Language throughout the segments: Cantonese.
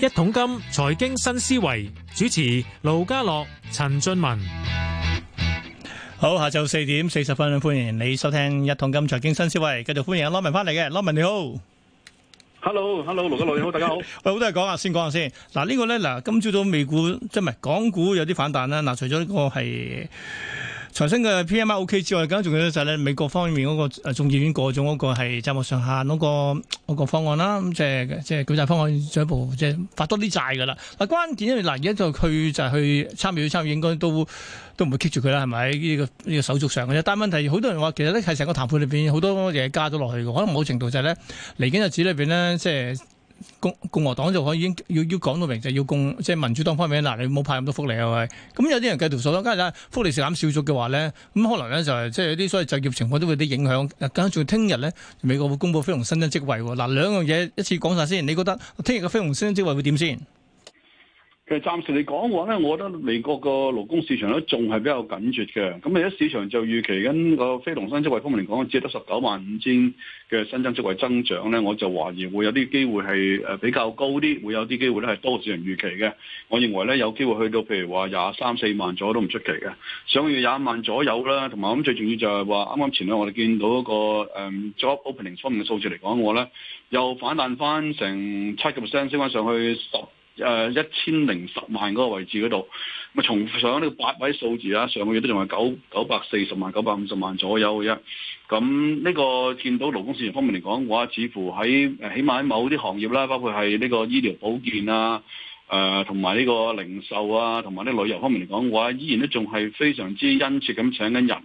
一桶金財經新思維主持盧家樂、陳俊文。好，下晝四點四十分，歡迎你收聽一桶金財經新思維，繼續歡迎阿羅文翻嚟嘅。羅文你好，Hello，Hello，盧家樂你好，大家好，好 多嘢講啊，先講下先，嗱、這個、呢個咧嗱，今朝早美股即唔係港股有啲反彈啦，嗱除咗呢個係。財新嘅 PMI OK 之外，更加重要嘅就係咧美國方面嗰個眾議院過咗嗰個係債務上限嗰、那個、個方案啦，咁即係即係舉債方案進一步即係、就是、發多啲債㗎啦。嗱關鍵咧，嗱而家就佢就是、去參與參與，應該都都唔會棘住佢啦，係咪？呢、這個呢、這個、手續上啫。但問題好多人話其實咧係成個談判裏邊好多嘢加咗落去嘅，可能某程度就係咧嚟緊日子裏邊咧即係。共共和黨就可以已經要要講到明，就要共即係民主黨方面嗱，你唔好派咁多福利係咪？咁有啲人計條數梗咁啊，福利食減少咗嘅話咧，咁可能咧就係即係有啲所謂就業情況都會有啲影響。咁仲聽日咧，美國會公布非農新增職位，嗱兩樣嘢一次講晒先。你覺得聽日嘅非農新增職位會點先？其實暫時嚟講嘅話咧，我覺得美國個勞工市場咧仲係比較緊缺嘅。咁而家市場就預期緊個非農新職位方面嚟講，只係得十九萬五千嘅新增職位增長咧，我就懷疑會有啲機會係誒比較高啲，會有啲機會咧係多少人預期嘅。我認為咧有機會去到譬如話廿三四萬左右都唔出奇嘅，上月廿萬左右啦。同埋咁最重要就係話啱啱前兩日我哋見到一個、um, job opening 方面嘅數字嚟講，我咧又反彈翻成七個 percent 升翻上去十，誒一千零十萬嗰個位置嗰度，咁啊從上呢個八位數字啦，上個月都仲係九九百四十萬、九百五十萬左右嘅啫，咁呢個見到勞工市場方面嚟講嘅話，似乎喺、呃、起碼喺某啲行業啦，包括係呢個醫療保健啊，誒同埋呢個零售啊，同埋啲旅遊方面嚟講嘅話，依然都仲係非常之殷切咁請緊人。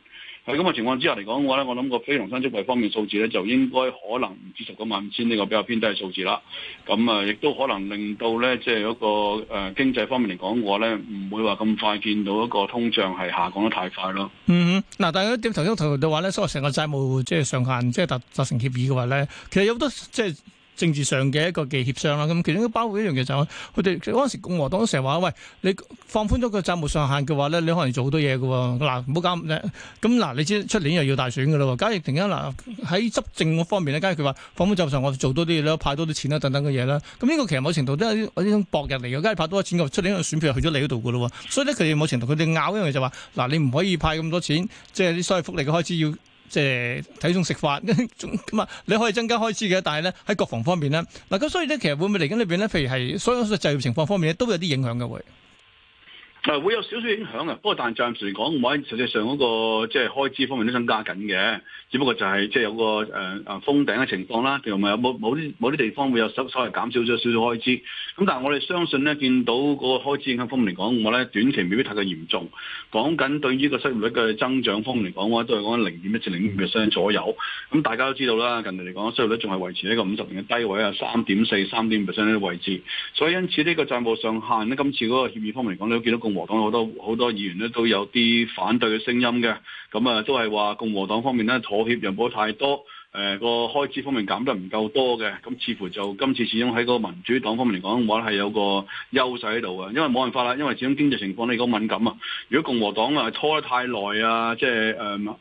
喺咁嘅情況之下嚟講嘅話咧，我諗個非農新增職位方面數字咧，就應該可能唔止十九萬五千呢個比較偏低嘅數字啦。咁啊，亦都可能令到咧，即係一個誒經濟方面嚟講嘅話咧，唔會話咁快見到一個通脹係下降得太快咯、嗯。嗯哼，嗱，大家點頭一頭嘅話咧，所以成個債務即係上限，即係達達成協議嘅話咧，其實有好多即係。就是政治上嘅一個技協商啦，咁其中都包括一樣嘢就係，佢哋嗰陣時共和黨成日話，喂，你放寬咗個債務上限嘅話咧，你可能做好多嘢嘅。嗱、啊，唔好搞咁咧。咁嗱、啊，你知出年又要大選嘅啦。假如突然間嗱喺執政方面咧，假如佢話放寬債務上限，我做多啲嘢啦，多派多啲錢啦，等等嘅嘢啦。咁呢個其實某程度都係一種搏入嚟嘅。假如派多啲錢嘅，出年嘅選票就去咗你嗰度嘅咯。所以咧，佢哋某程度佢哋拗一樣嘢就話、是，嗱、啊，你唔可以派咁多錢，即係啲所謂福利嘅開支要。即係、呃、體重食法咁啊， 你可以增加開支嘅，但係咧喺國防方面咧，嗱，咁所以咧，其實會唔會嚟緊裏邊咧？譬如係所有嘅就業情況方面咧，都有啲影響嘅會。誒會有少少影響嘅，不過但暫時嚟講，我喺實際上嗰、那個即係開支方面都增加緊嘅，只不過就係即係有個誒誒、呃、封頂嘅情況啦，譬如話有冇冇啲冇啲地方會有稍稍微減少咗少，少少開支。咁但係我哋相信咧，見到個開支影響方面嚟講，我咧短期未必太過嚴重。講緊對於個失業率嘅增長方面嚟講，我咧都係講零點一至零點五 percent 左右。咁大家都知道啦，近年嚟講，失業率仲係維持喺一個五十年嘅低位啊，三點四、三點五 percent 嘅位置。所以因此呢個債務上限呢，今次嗰個協議方面嚟講，你都見到共和黨好多好多議員咧都有啲反對嘅聲音嘅，咁啊都係話共和黨方面咧妥協，又唔好太多。誒個、呃、開支方面減得唔夠多嘅，咁似乎就今次始終喺個民主黨方面嚟講，嘅話係有個優勢喺度嘅，因為冇辦法啦，因為始終經濟情況你講敏感啊。如果共和黨啊拖得太耐啊，即係誒誒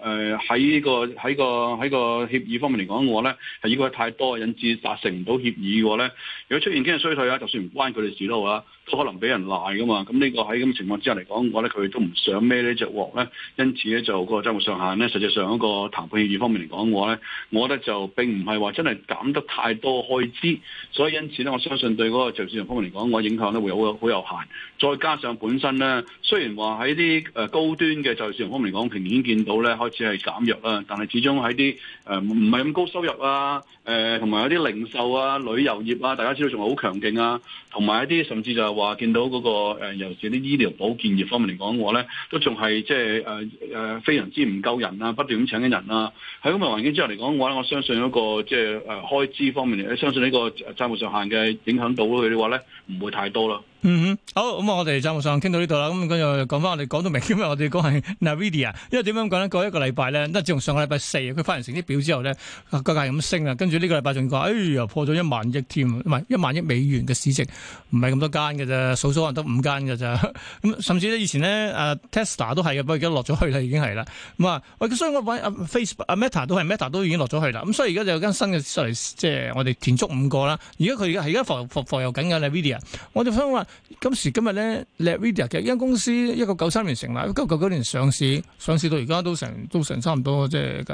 喺個喺、呢個喺個協議方面嚟講，嘅話咧係如果太多引致達成唔到協議嘅話咧，如果出現經濟衰退啊，就算唔關佢哋事都好啊，都可能俾人賴噶嘛。咁呢、這個喺咁嘅情況之下嚟講嘅話咧，佢都唔想孭呢隻鑊咧，因此咧就個週末上限咧，實際上一個談判協議方面嚟講嘅話咧，我覺得就並唔係話真係減得太多開支，所以因此咧，我相信對嗰個就業市場方面嚟講，我影響咧會好有好有限。再加上本身咧，雖然話喺啲誒高端嘅就業市場方面嚟講，明顯見到咧開始係減弱啦，但係始終喺啲誒唔係咁高收入啊，誒同埋有啲零售啊、旅遊業啊，大家知道仲係好強勁啊，同埋一啲甚至就係話見到嗰、那個誒、呃，尤其是啲醫療保健業方面嚟講，嘅話咧都仲係即係誒誒，非常之唔夠人啊，不斷咁請緊人啊，喺咁嘅環境之下嚟講，我。我相信一個即係誒開支方面嚟，相信呢個債務上限嘅影響到佢哋話咧，唔會太多啦。嗯哼，好，咁啊，我哋節目上傾到呢度啦。咁佢又講翻我哋講到明，因為我哋講係 Nvidia，因為點樣講呢？過一個禮拜咧，即係自從上個禮拜四佢翻完成績表之後咧，個價咁升啊。跟住呢個禮拜仲要講，哎呀，破咗一萬億添，唔係一萬億美元嘅市值，唔係咁多間嘅啫，數數可能得五間嘅咋。咁甚至以前呢、啊、Tesla 都係嘅，不過而家落咗去啦，已經係啦。咁啊，所以我搵 Facebook、啊、Meta 都係，Meta 都已經落咗去啦。咁所以而家就有間新嘅即係我哋填足五個啦。而家佢而家係而家防防浮油緊嘅 Nvidia，我哋想話。今時今日咧，Nvidia 其實呢公司一九九三年成立，一九九九年上市，上市到而家都成都成差唔多，即係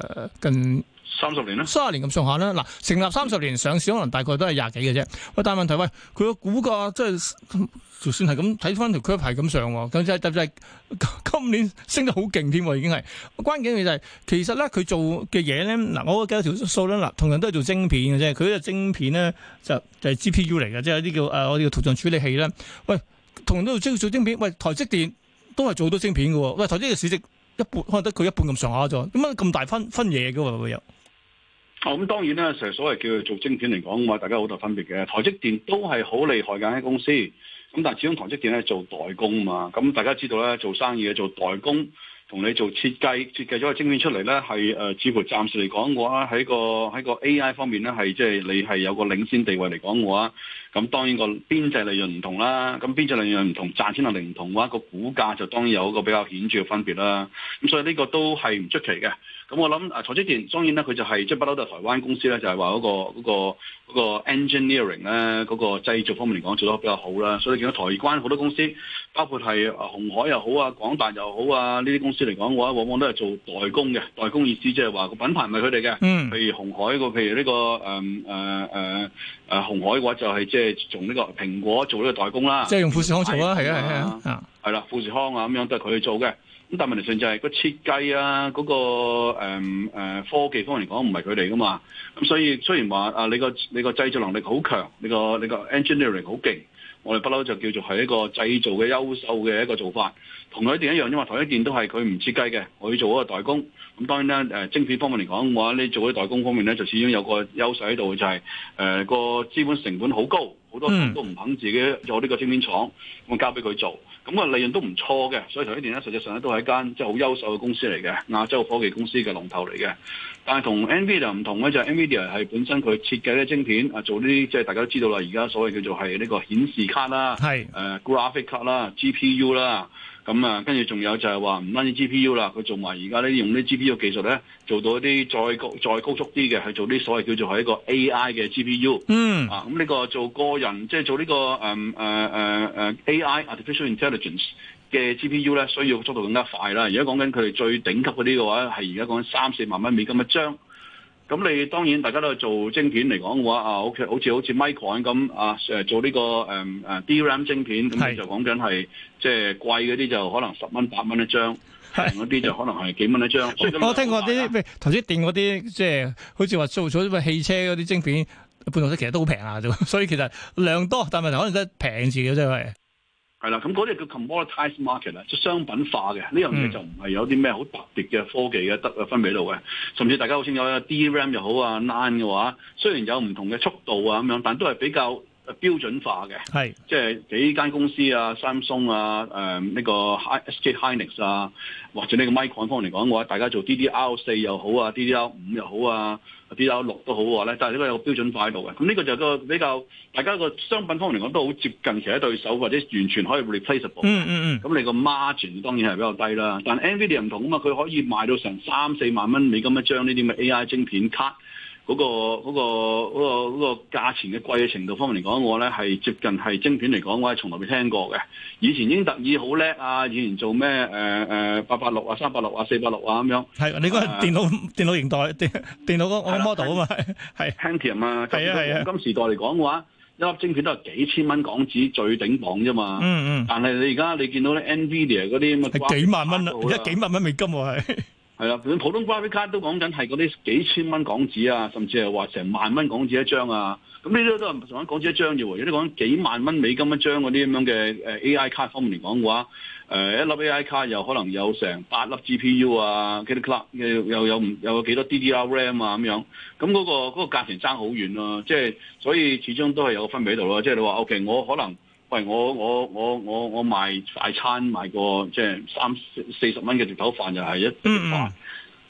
誒近。三十年啦，卅年咁上下啦。嗱，成立三十年上市可能大概都係廿幾嘅啫。喂，但係問題喂，佢個估價即係就算係咁睇翻條佢一咁上喎，咁就特別係今年升得好勁添喎，已經係。關鍵嘅就係其實咧，佢做嘅嘢咧，嗱，我記得條數啦，嗱，同樣都係做晶片嘅啫。佢呢個晶片咧就就係 G P U 嚟嘅，即係啲叫誒我哋叫圖像處理器啦。喂，同樣都做做晶片，喂，台積電都係做到晶片嘅喎。喂，台積電市值一半可能得佢一半咁上下咋？點解咁大分分嘢嘅喎會有。咁、嗯、當然咧，成日所謂叫做晶片嚟講嘅話，大家好大分別嘅。台積電都係好厲害間嘅公司，咁但係始終台積電咧做代工啊嘛。咁、嗯、大家知道咧，做生意嘅做代工，同你做設計設計咗個晶片出嚟咧，係、呃、似乎暫時嚟講嘅話，喺個喺個 AI 方面咧，係即係你係有個領先地位嚟講嘅話，咁、嗯、當然個邊際利潤唔同啦。咁邊際利潤唔同，同，賺錢能力唔同嘅話，個股價就當然有個比較顯著嘅分別啦。咁所以呢個都係唔出奇嘅。咁、嗯、我諗啊，台積電當然咧，佢就係、是、即係不嬲，都係台灣公司咧，就係話嗰個嗰嗰、那個那個、engineering 咧，嗰個製造方面嚟講，做得比較好啦。所以見到台灣好多公司，包括係鴻、啊、海又好啊、廣大又好啊，呢啲公司嚟講嘅話，往往都係做代工嘅。代工意思即係話個品牌唔係佢哋嘅。嗯。譬如鴻海如、這個，譬如呢個誒誒誒鴻海嘅話就是就是、這個，就係即係從呢個蘋果做呢個代工啦。即係用富士康做啦，係啊係啊。係啦、啊啊啊，富士康啊咁樣都係佢去做嘅。咁但係問題上就係個設計啊，嗰、嗰個誒、嗯啊、科技方面嚟講唔係佢哋噶嘛，咁所以雖然話啊你個你個製造能力好強，你個你個 engineering 好勁，我哋不嬲就叫做係一個製造嘅優秀嘅一個做法。同佢一電一樣啫嘛，同一件都係佢唔設計嘅，我要做一個代工。咁、啊、當然啦，誒、啊，晶片方面嚟講嘅話，你做啲代工方面咧，就始終有個優勢喺度，就係、是、誒、啊、個資本成本好高。好、嗯、多人都唔肯自己有呢個晶片廠，咁交俾佢做，咁個利潤都唔錯嘅。所以頭一年咧，實際上咧都係一間即係好優秀嘅公司嚟嘅，亞洲科技公司嘅龍頭嚟嘅。但係同 Nvidia 唔同咧，就係、是、Nvidia 係本身佢設計嘅晶片啊，做呢啲即係大家都知道啦，而家所謂叫做係呢個顯示卡啦，係誒是、呃、graphic 卡啦，GPU 啦。咁啊、嗯，跟住仲有就係話唔單止 G P U 啦，佢仲話而家呢用啲 G P U 技術咧，做到啲再高再高速啲嘅，去做啲所謂叫做係一個 A I 嘅 G P U、嗯。嗯啊、咁、這、呢個做個人即係做、這個嗯啊啊、AI，呢個誒誒 A I Artificial Intelligence 嘅 G P U 咧，需要速度更加快啦。而家講緊佢哋最頂級嗰啲嘅話，係而家講緊三四萬蚊美金一張。咁你當然大家都係做晶片嚟講嘅話，啊，好似好似好似 Micron 咁啊，做呢個 DRAM 晶片咁是你就講緊係即係貴嗰啲就可能十蚊八蚊一張，平嗰啲就可能係幾蚊一張。是我聽過啲，頭先電嗰啲，即係，是，好似話做咗啲汽車嗰啲晶片半導體，其實都好平啊，就所以其實量多，但係問題可能得平次嘅啫，係。係啦，咁嗰啲叫 commoditized market 啦，即商品化嘅呢樣嘢就唔係有啲咩好特別嘅科技嘅分別喺度嘅，甚至大家有 d ram 好清楚啦，DRAM 又好啊，NAND 嘅話雖然有唔同嘅速度啊咁樣，但都係比較。標標準化嘅，是即係幾間公司啊，三星啊，誒、呃、呢、這個 Hi SK Hynix 啊，或者呢個 Micron 方嚟講，嘅話大家做 DDR 四又好啊，DDR 五又好啊，DDR 六都好嘅、啊、咧，但係呢個有標準化喺度嘅。咁、這、呢個就係個比較大家個商品方嚟講都好接近其他對手或者完全可以 replaceable。嗯嗯嗯。咁你個 margin 當然係比較低啦，但係 Nvidia 唔同啊嘛，佢可以賣到成三四萬蚊美金一張呢啲嘅 AI 晶片卡。嗰、那個嗰、那個嗰、那個嗰價錢嘅貴嘅程度方面嚟講，我咧係接近係晶片嚟講，我係從來未聽過嘅。以前英特爾好叻啊，以前做咩誒誒八八六啊、三八六啊、四八六啊咁樣。係你個電腦電腦形代電電腦，型電腦個 model 啊嘛，係的。Pentium 啊的，係啊係啊，金時代嚟講嘅話，的一粒晶片都係幾千蚊港紙最頂榜啫嘛。嗯嗯的。但係你而家你見到咧 Nvidia 嗰啲咁嘅，係幾萬蚊啦，幾萬蚊美金我、啊、係。 係啦，普通 graphic card 都講緊係嗰啲幾千蚊港紙啊，甚至係話成萬蚊港紙一張啊，咁呢啲都係講緊港紙一張嘅喎，有啲講幾萬蚊美金一張嗰啲咁樣嘅誒 AI 卡方面嚟講嘅話，誒、呃、一粒 AI 卡又可能有成八粒 GPU 啊，嗰啲 card 又又有又有幾多 DDR RAM 啊咁樣，咁嗰、嗰個嗰、嗰個價錢爭好遠咯、啊，即、就、係、是、所以始終都係有個分別喺度咯，即、就、係、是、你話 OK，我可能。喂，我我我我我賣快餐買過，賣個即係三四,四十蚊嘅碟頭飯就係一碟飯。嗯、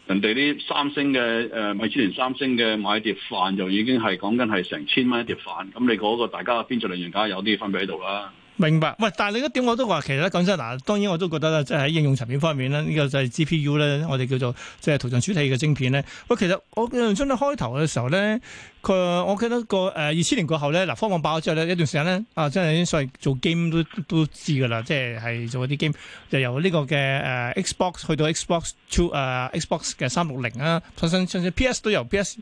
人哋啲三星嘅誒，米芝蓮三星嘅買碟飯就已經係講緊係成千蚊一碟飯。咁你嗰個大家邊條嚟源，梗係有啲分別喺度啦。明白。喂，但係你嗰點我都話，其實咧講真，嗱，當然我都覺得咧，即係喺應用層面方面咧，呢、呢個就係 G P U 咧，我哋叫做即係圖像處理嘅晶片咧。喂，其實我印象中咧，開頭嘅時候咧。佢我記得個誒二千年過後咧，嗱科網爆咗之後咧，一段時間咧啊，真係所謂做 game 都都知㗎啦，即係做嗰啲 game，就由呢個嘅誒、呃、Xbox 去到 Xbox, 去、呃、Xbox Two 誒 Xbox 嘅三六零啊，甚至甚至 PS 都由 PS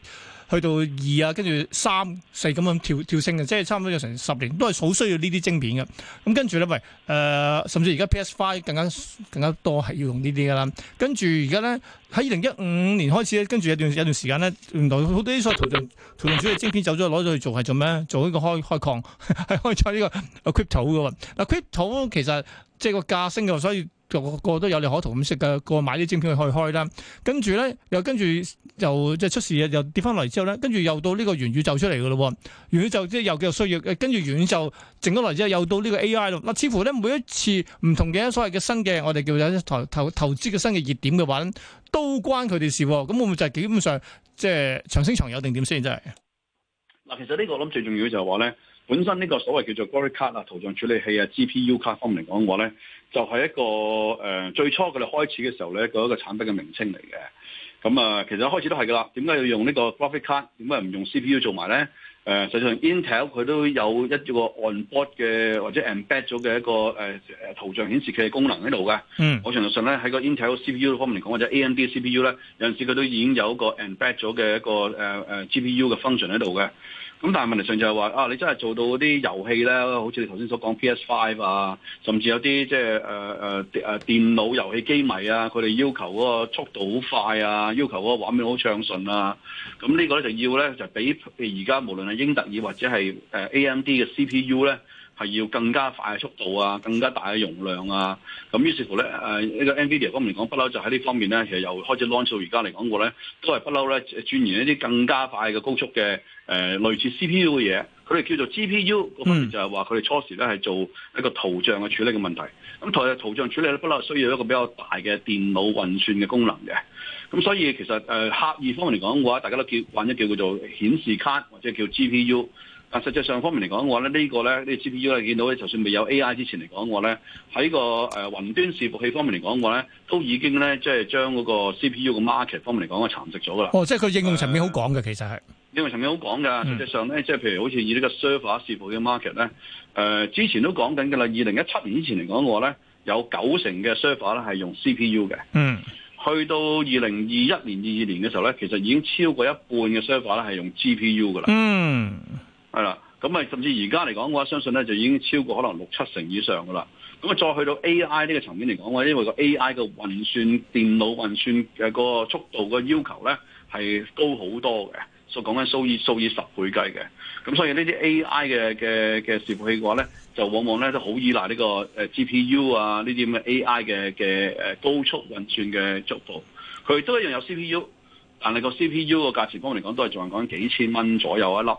去到二啊，跟住三四咁樣跳跳升嘅，即係差唔多有成十年都係好需要呢啲晶片嘅。咁跟住咧，喂誒、呃，甚至而家 PS Five 更加更加多係要用呢啲㗎啦。跟住而家咧，喺二零一五年開始咧，跟住有一段有段時間咧，原來好多啲所同主要啲晶片走咗，攞咗去做係做咩？做呢個開開礦，係 開採、這、呢個 crypto 嘅喎。嗱、啊、crypto 其實即係個價升嘅，所以個個都有利可圖咁食嘅。個個買啲晶片去開開啦。跟住咧，又跟住又即係出事又跌翻落嚟之後咧，跟住又到呢個元宇宙出嚟嘅咯。元宇宙即係又叫續需要，跟住元宇宙整咗落嚟之後，又到呢個 AI 咯。嗱、啊，似乎咧每一次唔同嘅所謂嘅新嘅，我哋叫有投投資嘅新嘅熱點嘅話，都關佢哋事。咁會唔會就係基本上即係、就是、長升長有定點先？真係。嗱，其實呢個我諗最重要就係話咧，本身呢個所謂叫做 Graphic Card 啊、圖像處理器啊、GPU 卡方面嚟講嘅話咧，就係、是、一個誒、呃、最初佢哋開始嘅時候咧，一個一個產品嘅名稱嚟嘅。咁啊，嗯、其實一開始都係噶啦，點解要用，這個 card，用呢個 graphic card？點解唔用 CPU 做埋咧？誒、呃，實際上 Intel 佢都有一個 on board 嘅或者 embed 咗嘅一個、呃、圖像顯示器嘅功能喺度嘅。嗯，我相信咧喺個 Intel CPU 方面嚟講，或者 AMD CPU 咧，有陣時佢都已經有一個 embed 咗嘅一個、呃、GPU 嘅 function 喺度嘅。咁但係問題上就係話啊，你真係做到嗰啲遊戲咧，好似你頭先所講 PS5 啊，甚至有啲即係誒誒電腦遊戲機迷啊，佢哋要求嗰個速度好快啊，要求嗰個畫面好暢順啊，咁呢個咧就要咧就比而家無論係英特爾或者係 AMD 嘅 CPU 咧。係要更加快嘅速度啊，更加大嘅容量啊，咁於是乎咧呢個、啊、NVIDIA 方面嚟講，不嬲就喺呢方面咧，其實又開始 launch 到而家嚟講過咧，都係不嬲咧鑽研一啲更加快嘅高速嘅、呃、類似 CPU 嘅嘢，佢哋叫做 GPU，個問題就係話佢哋初時咧係做一個圖像嘅處理嘅問題，咁同埋圖像處理咧不嬲需要一個比較大嘅電腦運算嘅功能嘅，咁所以其實誒、呃、客意方面嚟講嘅話，大家都叫慣咗叫做顯示卡或者叫 GPU。啊，但實際上方面嚟講，我、這、咧、個、呢、這個咧呢個 G P U 咧，見到咧就算未有 A I 之前嚟講，我咧喺個誒、呃、雲端伺服器方面嚟講，我咧都已經咧即係將嗰個 C P U 嘅 market 方面嚟講，係蠶食咗噶啦。哦，即係佢應用層面好廣嘅，呃、其實係應用層面好廣㗎。實際上咧，即係譬如好似以呢個 server 伺服器 market 咧，誒、呃、之前都講緊㗎啦。二零一七年之前嚟講，我咧有九成嘅 server 咧係用 C P U 嘅。嗯。去到二零二一年、二二年嘅時候咧，其實已經超過一半嘅 server 咧係用 G P U 㗎啦。嗯。係啦，咁啊，甚至而家嚟講嘅話，我相信咧就已經超過可能六七成以上噶啦。咁啊，再去到 A I 呢個層面嚟講，我因為個 A I 嘅運算電腦運算嘅個速度個要求咧係高好多嘅，所講緊數以數以十倍計嘅。咁所以呢啲 A I 嘅嘅嘅伺服器嘅話咧，就往往咧都好依賴呢個 G P U 啊，呢啲咁嘅 A I 嘅嘅高速運算嘅速度，佢都一樣有 C P U，但係個 C P U 個價錢方面嚟講，都係仲係講緊幾千蚊左右一粒。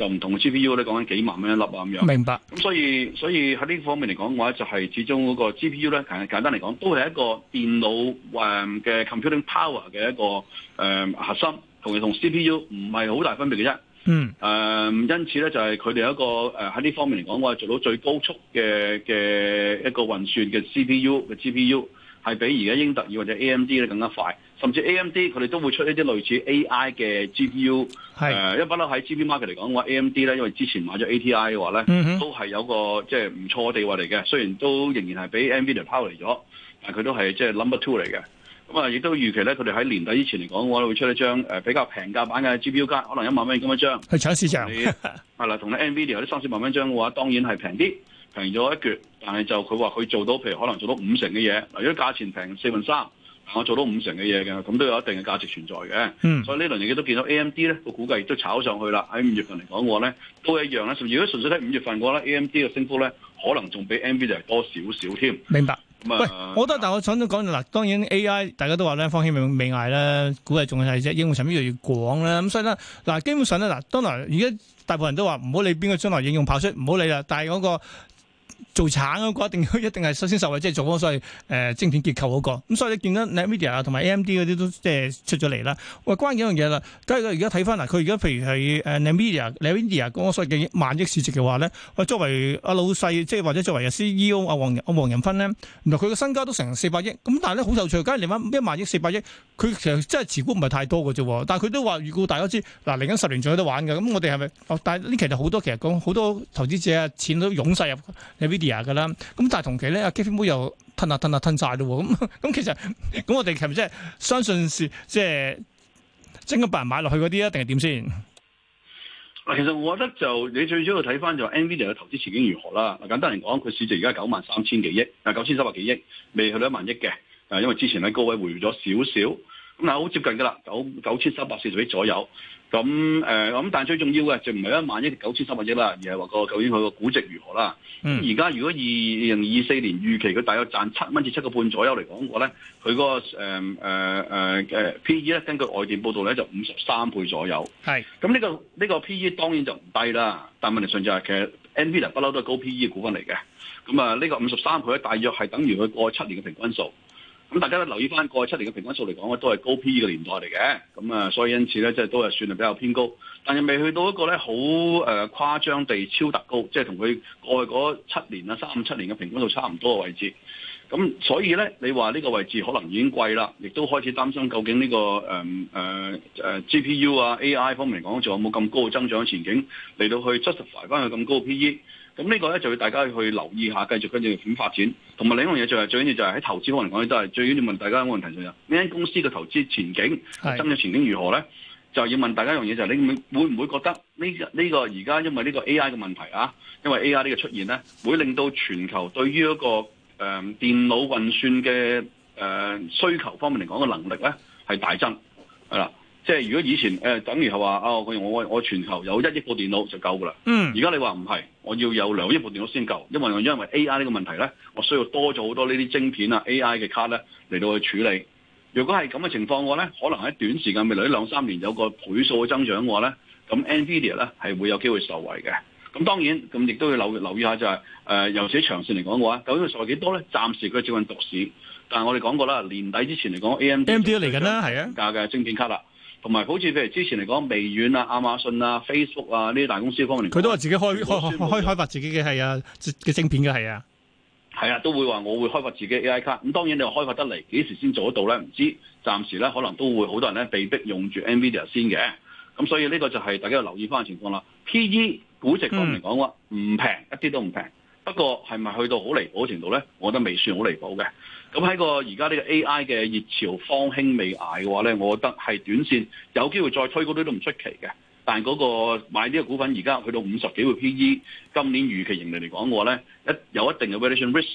就唔同嘅 G P U 咧，講緊幾萬蚊一粒啊，咁樣。明白。咁、嗯、所以所以喺呢方面嚟講，嘅話就係、是、始終嗰個 G P U 咧，簡簡單嚟講，都係一個電腦誒嘅 computing power 嘅一個誒、嗯、核心，同時同 C P U 唔係好大分別嘅啫。嗯。誒、嗯，因此咧就係佢哋一個喺呢方面嚟講，我係做到最高速嘅嘅一個運算嘅 C P U 嘅 G P U，係比而家英特爾或者 A M D 咧更加快。甚至 A.M.D 佢哋都會出一啲類似 A.I 嘅 G.P.U 是。係、呃，誒，因為不嬲喺 g p market 嚟講，嘅話 A.M.D 咧，因為之前買咗 A.T.I 嘅話咧，都係有個即係唔錯嘅地位嚟嘅。雖然都仍然係俾 N.V.I.D.I.A. 拋離咗，但係佢都係即係 number two 嚟嘅。咁、就、啊、是，亦、嗯、都預期咧，佢哋喺年底之前嚟講，我會出一張誒比較平價版嘅 G.P.U. 卡，可能一萬蚊咁一張去搶市場。係啦你，同 N.V.I.D.I.A. 啲三四萬蚊一張嘅話，當然係平啲，平咗一橛。但係就佢話佢做到，譬如可能做到五成嘅嘢。嗱，如果價錢平四分三。我、啊、做到五成嘅嘢嘅，咁都有一定嘅價值存在嘅。嗯、所以呢輪亦都見到 A M D 咧，我估計亦都炒上去啦。喺五月份嚟講，嘅話咧都一樣啦。如果純粹喺五月份嘅話咧，A M D 嘅升幅咧，可能仲比 N V 就係多少少添。明白。嗯、喂，呃、我覺得，但我想都講咗啦，當然 A I 大家都話咧，方興未艾，估計仲係啫。應用層面越嚟越廣咧，咁所以咧嗱，基本上咧嗱，當然，而家大部分人都話唔好理邊個將來應用跑出，唔好理啦。但係嗰、那個做橙嗰個一定一定係首先受惠，即係做嗰個所謂誒、呃、晶片結構嗰個。咁所以你見到 Nvidia 啊同埋 AMD 嗰啲都即係出咗嚟啦。喂，關鍵一樣嘢啦，梗係佢而家睇翻嗱，佢而家譬如係誒 Nvidia、Nvidia 講個所謂嘅萬億市值嘅話咧，喂，作為阿老細即係或者作為阿 CEO 阿黃阿黃仁勳咧，原來佢嘅身家都成四百億。咁但係咧好有趣，梗係嚟翻一萬億四百億，佢其實真係持股唔係太多嘅啫。但係佢都話預估大家知嗱嚟緊十年仲有得玩嘅。咁我哋係咪？但係呢其實好多其實講好多，多投資者啊，錢都湧晒入 Nvidia 嘅啦，咁但係同期咧，阿 Kitty 妹又吞啊吞啊吞晒咯，咁咁其實咁我哋係咪即係相信是即係真個俾人買落去嗰啲啊，定係點先？其實我覺得就你最主要睇翻就 Nvidia 嘅投資前景如何啦。簡單嚟講，佢市值而家九萬三千幾億，啊九千三百幾億，未去到一萬億嘅，啊因為之前咧高位回咗少少。咁好接近噶啦，九九千三百四十億左右。咁誒，咁、呃、但係最重要嘅就唔係一萬億九千三百億啦，而係話個究竟佢個估值如何啦。嗯而家如果二零二四年預期佢大約賺七蚊至七個半左右嚟講嘅話咧，佢個誒誒誒 P E 咧，呃呃呃 PE、根據外電報道咧，就五十三倍左右。咁呢是、呢個呢、呢個 P E 當然就唔低啦。但問題上就係、是、其實 Nvidia 不嬲都係高 P E 嘅股份嚟嘅。咁啊，呢個五十三倍咧，大約係等於佢過去七年嘅平均數。咁大家都留意翻過去七年嘅平均數嚟講咧，都係高 PE 嘅年代嚟嘅，咁啊，所以因此咧，即係都係算係比較偏高，但係未去到一個咧好誒誇張地超特高，即係同佢過去嗰七年啊三五七年嘅平均數差唔多嘅位置。咁所以咧，你話呢個位置可能已經貴啦，亦都開始擔心究竟呢個誒誒誒 GPU 啊 AI 方面嚟講仲有冇咁高嘅增長前景嚟到去 justify 翻去咁高 PE？咁呢個咧就要大家去留意下，繼續跟住點發展。同埋另一樣嘢就係，最緊要就係喺投資方嚟講，都係最緊要問大家一個問題，就係：呢間公司嘅投資前景、增長前景如何咧？就要問大家一樣嘢，就係：你會唔會覺得呢？呢個而家因為呢個 AI 嘅問題啊，因為 AI 呢個出現咧，會令到全球對於一個誒電腦運算嘅誒需求方面嚟講嘅能力咧，係大增係啦。即係如果以前誒、呃，等於係話啊，我我，我全球有一億部電腦就夠噶啦。嗯。而家你話唔係，我要有兩億部電腦先夠，因為因為 A I 呢個問題咧，我需要多咗好多呢啲晶片啊、A I 嘅卡咧嚟到去處理。如果係咁嘅情況嘅話咧，可能喺短時間未來啲兩三年有個倍數嘅增長嘅話咧，咁 Nvidia 咧係會有機會受惠嘅。咁當然，咁亦都要留留意一下就係、是、誒，由、呃、此長線嚟講嘅話，究竟佢受惠幾多咧？暫時佢只係獨市，但係我哋講過啦，年底之前嚟講，AMD，M D 嚟緊啦，係啊。價嘅晶片卡啦。同埋好似譬如之前嚟講，微軟啊、亞馬遜啊、Facebook 啊呢啲大公司方面，佢都話自己開開開開發自己嘅係啊嘅晶片嘅係啊，係啊都會話我會開發自己 AI 卡。咁、嗯、當然你話開發得嚟幾時先做得到咧？唔知暫時咧可能都會好多人咧被逼用住 Nvidia 先嘅。咁所以呢個就係大家要留意翻嘅情況啦。PE 估值方面嚟講話唔平一啲都唔平，不過係咪去到好離譜程度咧？我覺得未算好離譜嘅。咁喺個而家呢個 A.I. 嘅熱潮方興未艾嘅話咧，我覺得係短線有機會再推高啲都唔出奇嘅。但係嗰個買呢個股份而家去到五十幾個 P.E.，今年預期盈利嚟講嘅話咧，一有一定嘅 valuation risk，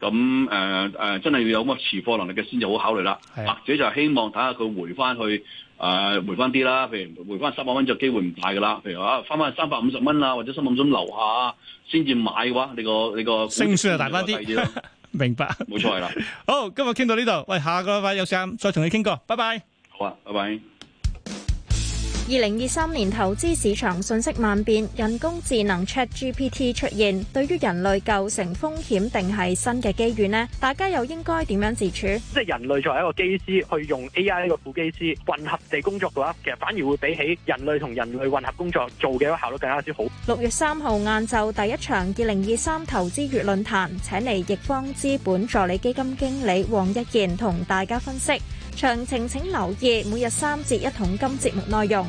咁誒誒，真係要有咁嘅持貨能力嘅先至好考慮啦。或者就希望睇下佢回翻去誒、呃、回翻啲啦，譬如回翻三百蚊就機會唔大㗎啦。譬如話，翻翻三百五十蚊啦，或者三百蚊留下先至買嘅話，你個你個勝算係大翻啲。 明白，冇錯啦。 好，今日傾到呢度。喂，下個禮拜有時間再同你傾過。拜拜。好啊，拜拜。二零二三年投資市場瞬息萬變，人工智能 ChatGPT 出現，對於人類構成風險定係新嘅機遇呢？大家又應該點樣自處？即係人類作為一個機師，去用 AI 一個副機師混合地工作嘅話，其實反而會比起人類同人類混合工作做嘅效率更加之好。六月三號晏晝第一場二零二三投資月論壇，請嚟易方資本助理基金經理黃一健同大家分析。詳情請留意每日三節一桶金節目內容。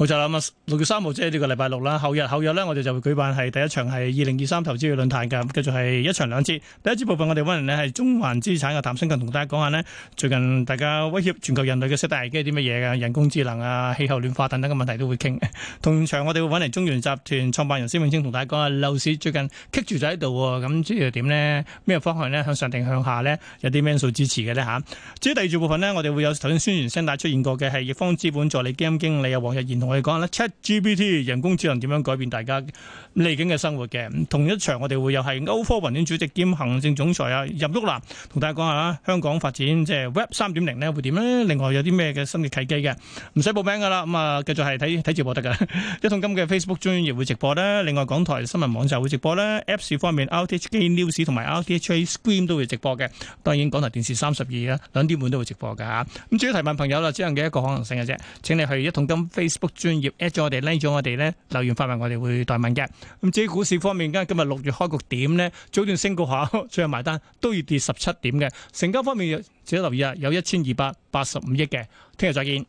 冇錯啦，嗯、月個六月三號即係呢個禮拜六啦，後日後日咧，我哋就會舉辦係第一場係二零二三投資嘅論壇㗎。繼續係一場兩節，第一節部分我哋揾人呢係中環資產嘅譚新強，同大家講下呢。最近大家威脅全球人類嘅十大危機啲乜嘢嘅，人工智能啊、氣候暖化等等嘅問題都會傾。同場我哋會揾嚟中原集團創辦人施永青同大家講下，樓市最近棘住咗喺度喎，咁即係點呢？咩方向呢？向上定向下呢？有啲咩數支持嘅呢？嚇、啊？至於第二節部分呢，我哋會有頭先宣傳聲帶出現過嘅係易方資本助理基金經理啊，王日賢同。我哋講下咧，Chat GPT 人工智能點樣改變大家嚟緊嘅生活嘅。同一場我哋會有係歐科雲鏈主席兼行政總裁啊任旭南同大家講下啦，香港發展即係 Web 三點零咧會點咧？另外有啲咩嘅新嘅契機嘅？唔使報名噶啦，咁啊繼續係睇睇直播得噶。 一桶金嘅 Facebook 專頁會直播啦。另外港台新聞網站會直播啦。Apps 方面，RTHK News 同埋 RTHK Screen 都會直播嘅。當然港台電視三十二啦，兩點半都會直播噶。咁主要提問朋友啦，只能嘅一個可能性嘅啫。請你去一桶金 Facebook。專業 at 咗我哋 like 咗我哋咧，留言發問，我哋會代問嘅。咁至於股市方面，依家今日六月開局點咧？早段升過下，最後埋單都要跌十七點嘅。成交方面，值得留意啊，有一千二百八十五億嘅。聽日再見。